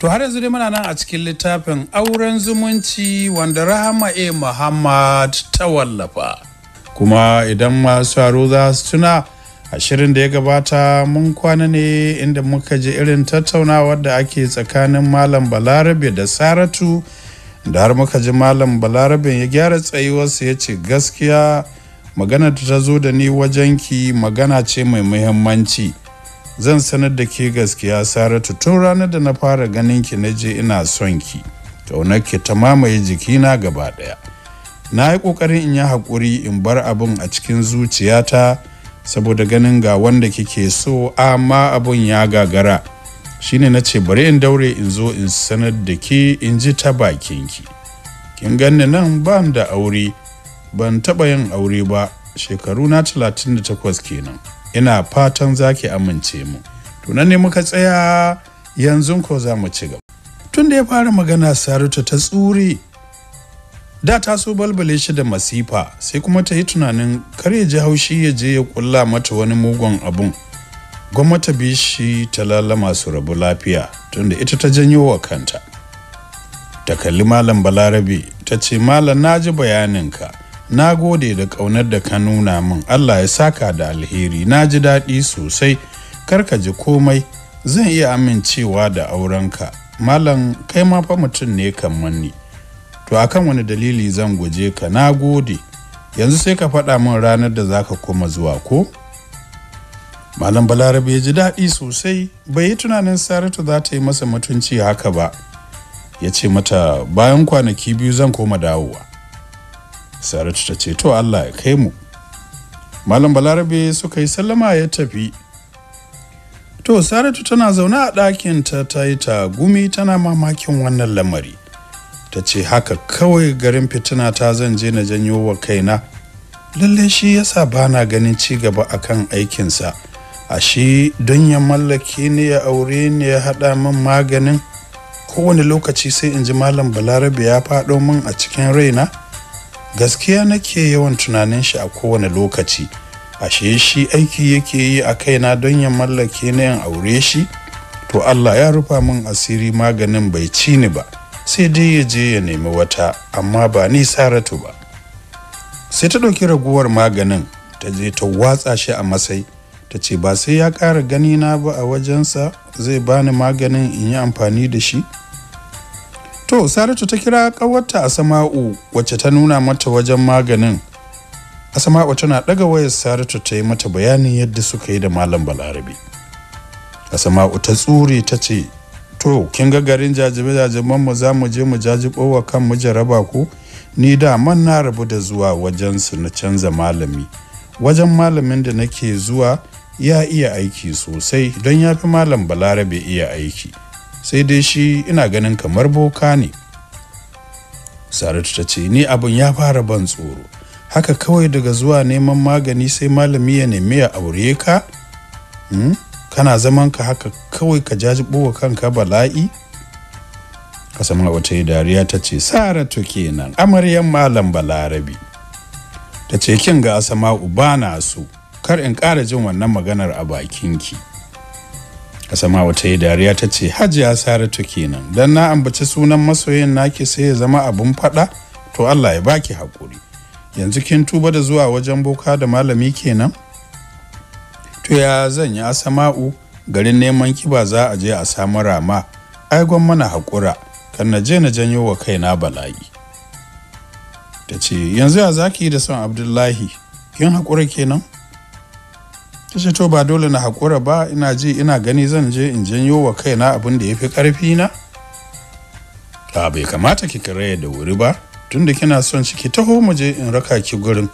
To har yanzu dai muna nan a cikin littafin auren zumunci wanda Rahama A. Muhammad ta wallafa. Kuma idan masu haro za su tuna ashirin da ya gabata mun kwana ne inda muka ji irin tattaunawa da ake tsakanin Malam Balarabe da Saratu da har muka ji Malam Balarabe ya gyara tsayuwarsa ya ce gaskiya magana ta zo da ni wajenki magana ce mai muhimmanci. zan sanar da ke gaskiya saratu tun ranar da na fara ganin ki na je ina son ki ƙaunar ki ta mamaye jiki na gaba ɗaya na yi ƙoƙarin in yi haƙuri in bar abin a cikin zuciyata saboda ganin ga wanda kike so amma abin ya gagara shine na ce bari in daure in zo in sanar da ke in ji ta bakin ki. kin ganni nan ba da aure ban taɓa yin aure ba shekaru na 38 kenan ina fatan za ki amince mu tunan ne muka tsaya yanzu ko za mu ci gaba tun da ya fara magana Saratu ta tsure da ta so balbale shi da masifa sai kuma ta yi tunanin kar ya ji haushi ya je ya kulla mata wani mugun abun gwamnati bi shi ta lalama su rabu lafiya tunda ita ta janyo wa kanta ta kalli malam balarabe ta ce malam na ji bayaninka na gode da ƙaunar da ka nuna min Allah ya saka da alheri na ji daɗi sosai karka ji komai zan iya amincewa da aurenka malam kai ma fa mutum ne kan ni to akan wani dalili zan guje ka na gode yanzu sai ka faɗa min ranar da za ka koma zuwa ko malam balarabe ya ji daɗi sosai bai yi tunanin saratu za ta yi masa mutunci haka ba ya ce mata bayan kwanaki biyu zan koma dawowa saratu ta ce to allah ya kai mu malam balarabe suka yi sallama ya tafi to saratu tana zaune a ɗakinta ta yi ta gumi tana mamakin wannan lamari ta ce haka kawai garin fitina ta zan je na janyo wa kaina lalle shi yasa ba na ganin ci gaba akan aikinsa a shi don ya mallake ni ya aure ni ya haɗa min maganin kowane lokaci sai in ji malam balarabe ya faɗo min a cikin raina gaskiya nake yawan tunanin shi a kowane lokaci ashe shi aiki yake yi a kaina don ya mallake na 'yan aure shi to allah ya rufa min asiri maganin bai ci ni ba sai dai ya je ya nemi wata amma ba ni saratu ba sai ta ɗauki raguwar maganin ta je ta watsa shi a masai ta ce ba sai ya ƙara na ba a wajensa zai bani maganin in yi amfani da shi to saratu ta kira ƙawarta asama'u wacce ta nuna mata wajen maganin asama'u tana ɗaga wayar saratu ta yi mata bayanin yadda suka yi da malam balarabe asama'u ta tsure ta ce to kin ga garin jajibe jajiban mu za mu je mu jajibo wa kan mu jaraba ko ni da man na rabu da zuwa wajen su na canza malami wajen malamin da nake zuwa ya iya aiki sosai don ya fi malam balarabe iya aiki sai dai shi ina ganin kamar boka ne saratu ta ce ni abin ya fara ban tsoro haka kawai daga zuwa neman magani sai malami ya nemi ya aure ka hmm? kana zaman ka haka kawai ka jaji kanka bala'i kasama wata yi dariya ta ce saratu kenan amaryan malam balarabi ta ce kin ga asama uba na so kar in ƙara jin wannan maganar a bakinki ki kasama ta yi dariya ta ce Hajiya Saratu kenan dan na ambaci sunan masoyin naki sai ya zama abun faɗa to Allah ya baki hakuri. Yanzu kin tuba da zuwa wajen boka da malami kenan? To ya zan yi asama'u garin neman kiba za a je a samu rama ai mana haƙura kan na je na janyo wa kaina bala'i. Ta ce yanzu ya zaki da son Abdullahi kin haƙura kenan? ta ce to ba dole na haƙura ba ina ji ina gani zan je in janyo wa kaina abin da ya fi ƙarfi na a bai kamata ki karaya da wuri ba tunda kina son ki taho mu je in raka ki gurin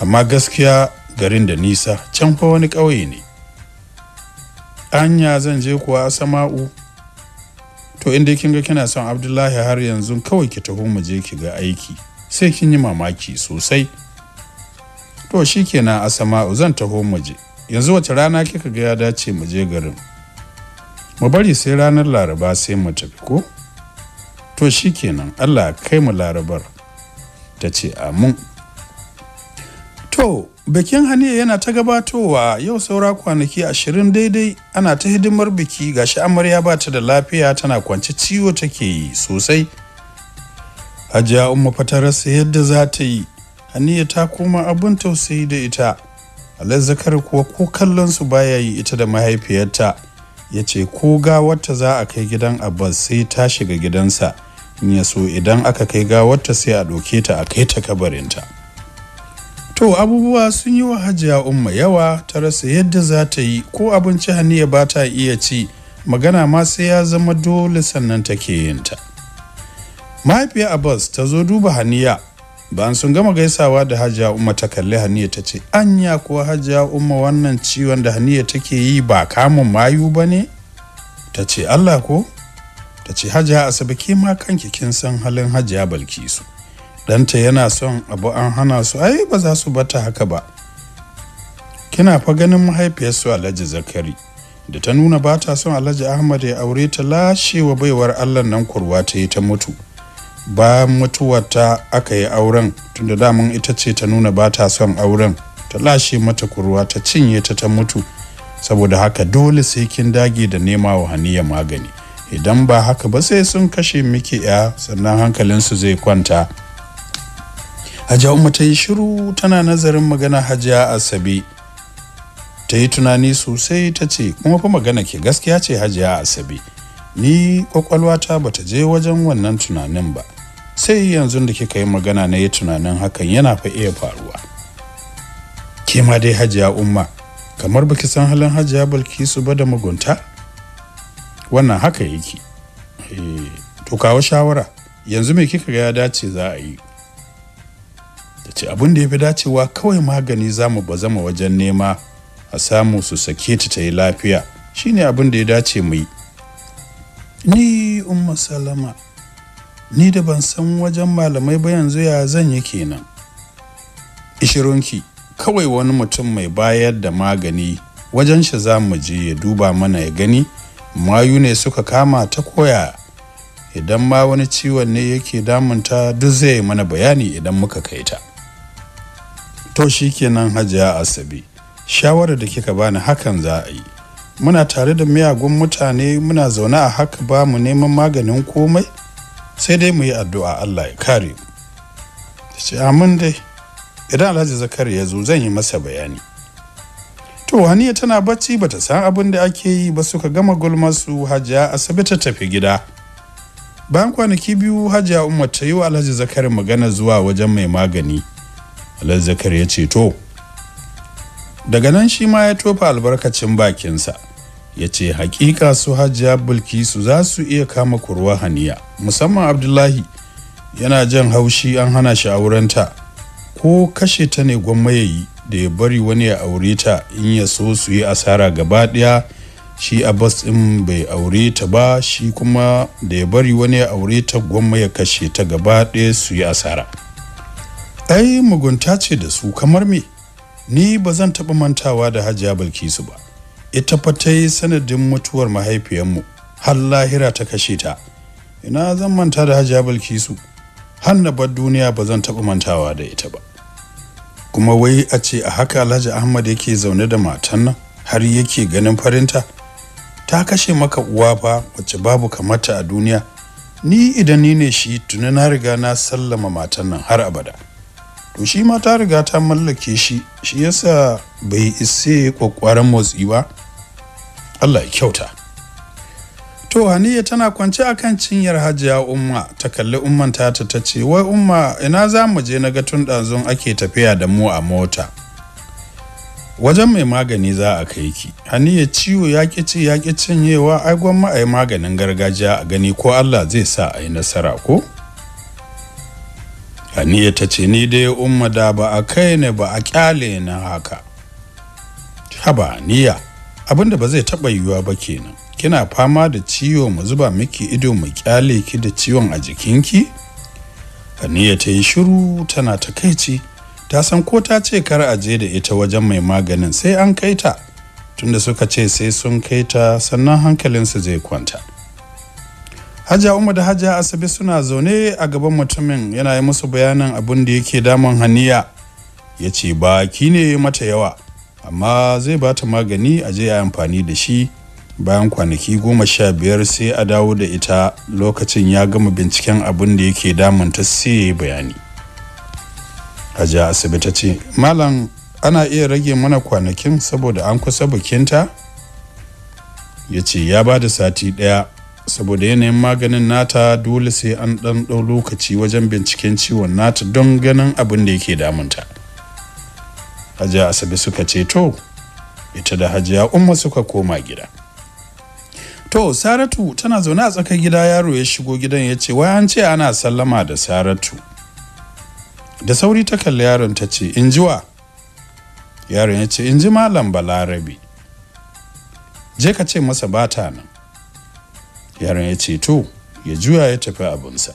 amma gaskiya garin da nisa can fa wani ƙauye ne anya zan je kuwa sama'u to inda kin ga kina son abdullahi har yanzu kawai ki taho mu je ki ga aiki sai kin yi mamaki sosai to shikenan a sama'u zan taho mu je yanzu wace rana kika ga ya dace mu je garin mu bari sai ranar laraba sai mu tafi ko to shikenan allah kai mu larabar ta ce amin to bikin haniya yana ta gabatowa yau saura kwanaki ashirin daidai ana ta hidimar biki gashi amarya ba ta da lafiya tana kwance ciwo take yi sosai hajiya umma sai yadda za ta yi haniya ta koma abin tausayi da ita alazzakar kuwa ko kallon su baya yi ita da mahaifiyarta ya ce ko gawarta za a kai gidan abbas sai ta shiga gidansa in ya so idan aka kai gawarta sai a ɗauke ta a kai ta kabarinta to abubuwa sun yi wa hajiya umma yawa ta rasa yadda za ta yi ko abinci haniya ba ta iya ci magana ma sai ya zama dole sannan take yinta mahaifiyar abbas ta zo duba haniya bayan sun gama gaisawa da hajiya umma ta kalli haniya ta ce anya kuwa hajiya umma wannan ciwon da haniya take yi ba kamun mayu ba ne ta ce allah ko ta ce hajiya asabe ke ma kanki kin san halin hajiya balkisu Danta yana son abu an hana su ai ba za su bata haka ba kina fa ganin mahaifiyarsu alhaji zakari da ta nuna ba ta son alhaji ahmad ya aure ta lashewa baiwar allah nan kurwa ta yi ta mutu bayan mutuwarta aka yi auren tunda daman ita ce ta nuna ba ta son auren ta lashe mata kurwa ta cinye ta ta mutu saboda haka dole sai kin dage da nema wa haniya magani idan ba haka ba sai sun kashe miki ya sannan hankalinsu zai kwanta hajiya umma ta yi shiru tana nazarin magana hajiya asabe. ta yi tunani sosai ta ce kuma fa magana ke gaskiya ce hajiya asabe. ni kwakwalwata ta je wajen wannan tunanin ba sai yanzu da kika yi magana na yi tunanin hakan yana fa iya faruwa ke ma dai hajiya umma kamar baki san halin hajiya balkisu ba da mugunta wannan haka yake eh, to kawo shawara yanzu me kika ga ya dace za a yi Da ce abin da ya fi dacewa kawai magani za mu ba zama wajen nema a samu su sake ta ta yi lafiya shine abin da ya dace mu yi ni umma salama ni da ban san wajen malamai ba yanzu ya zan yi kenan ishirinki kawai wani mutum mai bayar da magani wajen shi za mu je ya duba mana ya gani mayu ne suka kama ta koya idan ma wani ciwon ne yake damunta duk zai mana bayani idan muka kai ta to shi kenan hajiya asabi shawarar da kika bani hakan za a yi muna tare da miyagun mutane muna zaune a haka ba mu neman maganin komai sai dai mu yi addu'a Allah ya kare ta ce amin dai idan alhaji zakari ya zo zan yi masa bayani to haniya tana bacci bata san abin da ake yi ba suka gama gulma su hajiya asabe ta tafi gida bayan kwanaki biyu hajiya umar ta yi wa alhaji zakari magana zuwa wajen mai magani alhaji zakari ya ce to daga nan shi ma ya tofa albarkacin bakinsa ya ce hakika su hajiya bulkisu za su iya kama kurwa haniya musamman abdullahi yana jan haushi an hana shi aurenta ko kashe ta ne gwammayayi da ya bari wani ya aure ta in ya so su yi asara gaba daya shi abbas din bai aure ta ba shi kuma da ya bari wani ya aure ta gwamma ya kashe ta gaba daya su yi asara ai mugunta ce da su kamar me ni ba zan taɓa mantawa da hajiya bilkisu ba ita fa ta yi sanadin mutuwar mahaifiyarmu har lahira ta kashe ta ina zan manta da hajiya bilkisu har na bar duniya ba zan taɓa mantawa da ita ba kuma wai a ce a haka alhaji ahmad yake zaune da matan nan har yake ganin farinta ta kashe maka uwa fa wacce babu kamata a duniya ni idan ni ne shi tuna na riga na sallama matan nan har abada to shi ma ta riga ta mallake shi shi yasa bai isa kwakwaran motsi ba Allah ya kyauta to haniya tana kwance a kan cinyar hajiya umma ta kalli umman ta ta ce wai umma ina za mu je na ga tun ɗazun ake tafiya da mu a mota wajen mai magani za a kai ki haniya ciwo ya ƙi ci ya ƙi cinyewa ai gwamma a maganin gargajiya a gani ko Allah zai sa a yi nasara ko haniya ta ce ni dai umma da ba a kai ne ba a ƙyale na haka haba haniya abin da ba zai taɓa yiwuwa ba kenan kina fama da ciwo mu zuba miki ido mu kyale ki da ciwon a jikinki haniya ta yi shiru tana takaici ta san ko ta ce kar a je da ita wajen mai maganin sai an kai ta tunda suka ce sai sun kai ta sannan hankalinsu zai kwanta hajja umar da haja asabe suna zaune a gaban mutumin yana yi musu bayanin abin da yake damun haniya ya ce baki ne mata yawa amma zai ba ta magani a je a amfani da shi bayan kwanaki goma sha biyar sai a dawo da ita lokacin ya gama binciken abin da yake ta sai bayani hajiya asibiti ce malam ana iya rage mana kwanakin saboda an kusa bikinta ya ce ya ba da sati ɗaya saboda yanayin maganin nata dole sai an ɗan ɗau lokaci wajen binciken ciwon nata don ganin abin da yake damunta hajiya asabe suka ce to ita da hajiya umma suka koma gida to saratu tana zaune a tsakar gida yaro ya shigo gidan ya ce wai an ce ana sallama da saratu da sauri ta kalli yaron ta ce in ji wa? yaron ya ce in ji malam Balarabi. je ka ce masa bata nan yaron ya ce to ya juya ya tafi abinsa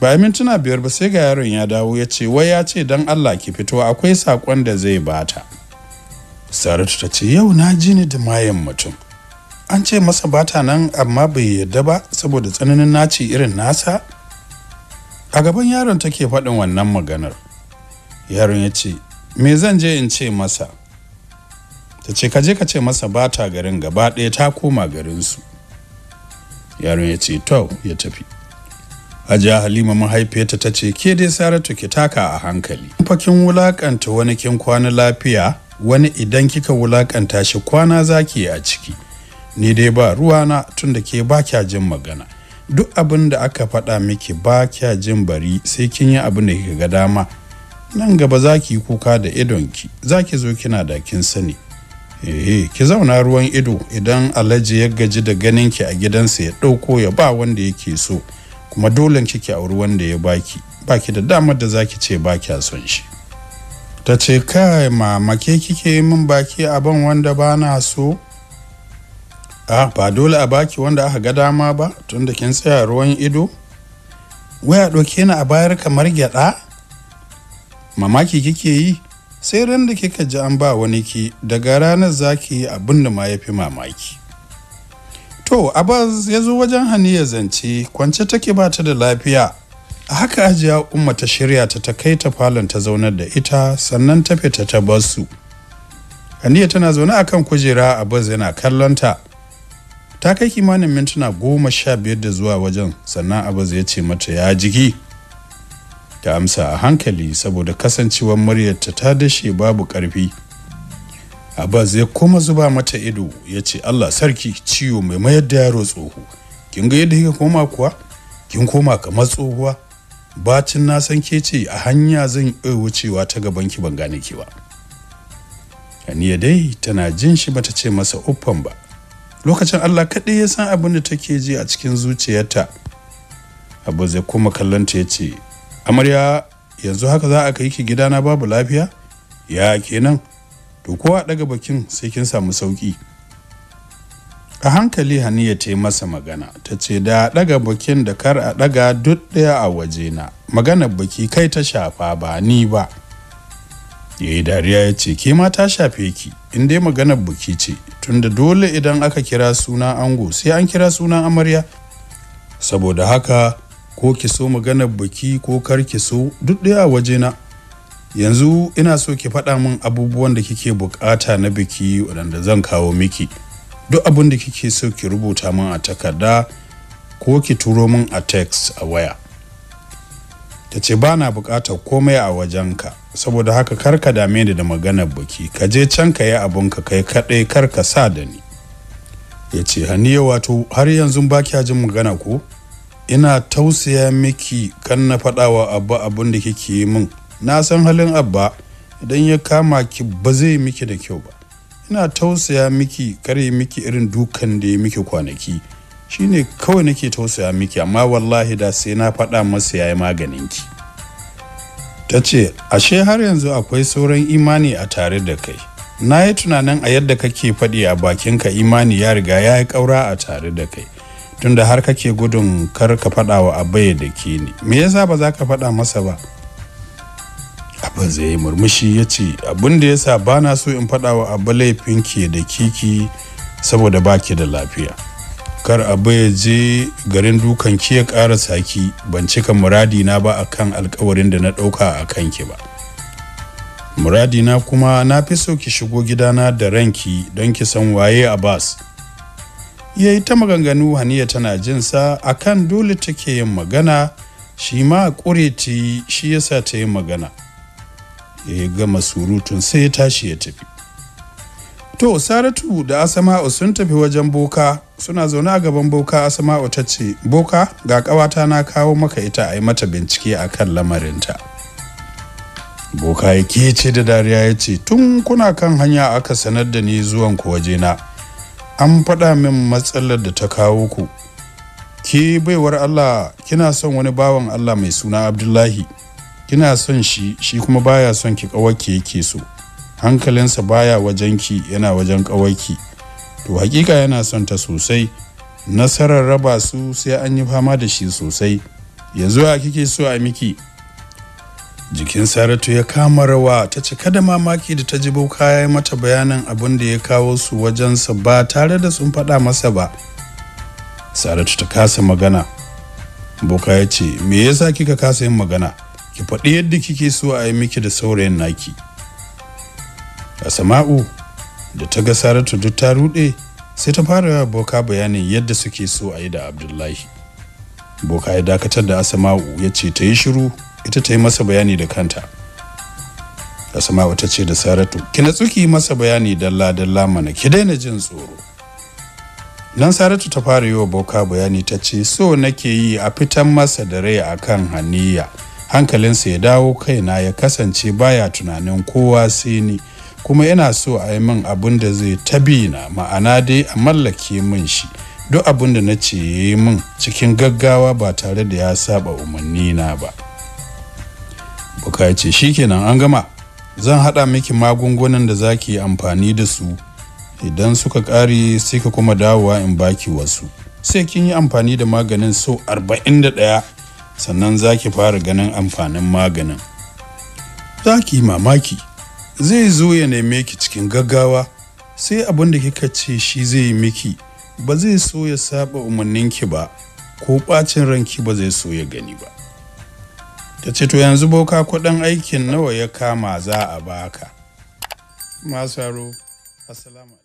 ba mintuna biyar ba sai ga yaron ya dawo ya ce wai ya ce don Allah ki fito akwai sakon da zai bata saratu ta ce yau na ji ni da mayan mutum an ce masa bata nan amma bai yadda ba saboda tsananin naci irin nasa a gaban yaron take faɗin wannan maganar yaron ya ce me zan je in ce masa ta ce kaje ka ce masa bata garin gaba ɗaya ta koma garinsu yaron ya ce to ya tafi A hajiya halima mahaifiyarta ta ce ke dai saratu ki taka a hankali fakin wulakanta wani kin kwana lafiya wani idan kika wulakanta shi kwana zaki a ciki ni dai ba ruwa na tunda ke ba kya jin magana duk abin da aka faɗa miki ba kya jin bari sai kin yi abin da kika ga dama nan gaba za ki yi kuka da idonki za ki zo kina da kin sani ehe ki zauna ruwan ido idan alhaji ya gaji da ganinki a gidansa ya ɗauko ya ba wanda yake so kuma dole kike auri wanda ya baki baki da damar da zaki ce baki son shi ta ce kai mama ke kike min baki ban wanda ba na so ah ba dole a baki wanda aka ga dama ba tunda kin tsaya ruwan ido waya ɗauke ni a bayar kamar gyaɗa mamaki kike yi sai ran da kika ji an ba wani ki daga ranar zaki yi abin da ma ya fi mamaki To, Abaz ya zo wajen ya zance, kwance take ba ta da lafiya. A haka ajiya umma ta shirya ta ta kai ta falon ta zaunar da ita, sannan ta fita ta bar su. Haniya tana zaune a kan kujera, Abaz yana kallonta. Ta kai kimanin mintuna goma sha biyar da zuwa wajen, sannan Abaz ya ce mata ya jiki. Ta amsa a hankali saboda kasancewar muryarta ta dashe babu ƙarfi. Abbas ya kuma zuba mata ido ya ce Allah sarki ciwo mai mayar da yaro tsoho kin ga yadda kika koma kuwa kin koma kamar tsohuwa bacin na san ke ce a hanya zan iya wucewa ta gaban ki ban gane ki ba ya dai tana jin shi bata ce masa uffan ba lokacin Allah kaɗai ya san abin da take ji a cikin zuciyarta abu zai kuma kallonta ya ce amarya yanzu haka za a kai ki gidana babu lafiya ya kenan to ko a ɗaga bakin sai kin samu sauki. a hankali haniya ta yi masa magana ta ce da daga bakin da kar a daga duk ɗaya a waje na maganar baki kai ta shafa ba ni ba ya dariya ya ce ke ma ta shafe ki in dai maganar baki ce tunda dole idan aka kira suna ango sai an kira suna amarya saboda haka ko ki so maganar baki ko kar ki so duk ɗaya a waje na yanzu ina so ki faɗa min abubuwan da kike bukata na biki waɗanda zan kawo miki duk abin da kike so ki rubuta min a takarda ko ki turo min a text a waya ta ce ba na bukatar komai a wajenka saboda haka kar ka dame ni da magana biki ka je can ka yi ka kai kaɗai kar ka sa da ni ya ce haniya wato har yanzu ba kya jin magana ko ina tausaya miki kan na faɗawa abu abin da kike yi min na san halin abba idan ya kama ki ba zai miki da kyau ba ina tausaya miki kare miki irin dukan da ya miki kwanaki shine kawai nake tausaya miki amma wallahi da sai na faɗa masa yayi maganin ki ta ce ashe har yanzu akwai sauran imani a tare da kai na yi tunanin a yadda kake faɗi a bakinka imani ya riga ya yi kaura a tare da kai tunda har kake gudun kar ka faɗa wa abai da ke ne me yasa ba za ka faɗa masa ba abin zai yi murmushi ya ce abin da ya sa ba na so in faɗa wa abu laifin ke da kiki saboda ba ki da lafiya kar abu ya je garin dukan ki ya ƙara saki ban cika muradi na ba kan alkawarin da na ɗauka a kanki ba muradi na kuma na fi so ki shigo gidana da ranki don ki san waye abbas ya yi ta maganganu haniya tana jin jinsa akan dole take yin magana shi ma ƙure ta yi shi yasa ta yi magana ya gama surutun sai ya tashi ya tafi to saratu da asama'u sun tafi wajen boka suna zaune a gaban boka asama'u ta ce boka ga ƙawata na kawo maka ita a yi mata bincike a kan lamarinta boka ya kece da dariya ya ce tun kuna kan hanya aka sanar da ni zuwan ku na? an faɗa min matsalar da ta kawo ku ke baiwar allah kina son wani bawan allah mai suna abdullahi kina son shi shi kuma baya son ki kawarki yake so hankalinsa baya wajen ki yana wajen ƙawarki to hakika yana son ta sosai nasarar raba su sai an yi fama da shi sosai yanzu a kike so a miki jikin saratu ya kama rawa ta cika da mamaki da ta ji boka mata bayanin abin da ya kawo su wajensa ba tare da sun faɗa masa ba saratu ta kasa magana boka ya ce me yasa kika kasa yin magana ki faɗi yadda kike so a yi miki da saurayin naki asama'u da ta ga saratu duk ta ruɗe sai ta fara yawa boka bayanin yadda suke so a yi da abdullahi boka ya dakatar da asama'u ya ce ta yi shiru ita ta yi masa bayani da kanta asama'u ta ce da saratu ki na tsuki masa bayani dalla dalla mana ki daina jin tsoro nan saratu ta fara yi wa boka bayani ta ce so nake yi a fitan masa da rai akan haniya hankalinsa ya dawo kaina ya kasance baya tunanin kowa sai ni kuma yana so a yi min abin da zai tabi na ma'ana dai a mallake min shi duk abin da na ce ya yi min cikin gaggawa ba tare da ya saba umarni na ba bukaci shi kenan shikenan an gama zan hada miki magungunan da zaki ki amfani da su idan suka ƙare sai ka kuma dawowa in baki wasu sai kin yi amfani da maganin sau 41 sannan zaki fara ganin amfanin maganin za ki mamaki zai zo ya neme ki cikin gaggawa sai abin da kika ce shi zai yi miki ba zai so ya saba umarninki ba ko ɓacin ranki ba zai so ya gani ba ta ce to yanzu boka kudin aikin nawa ya kama za a baka masaro assalamu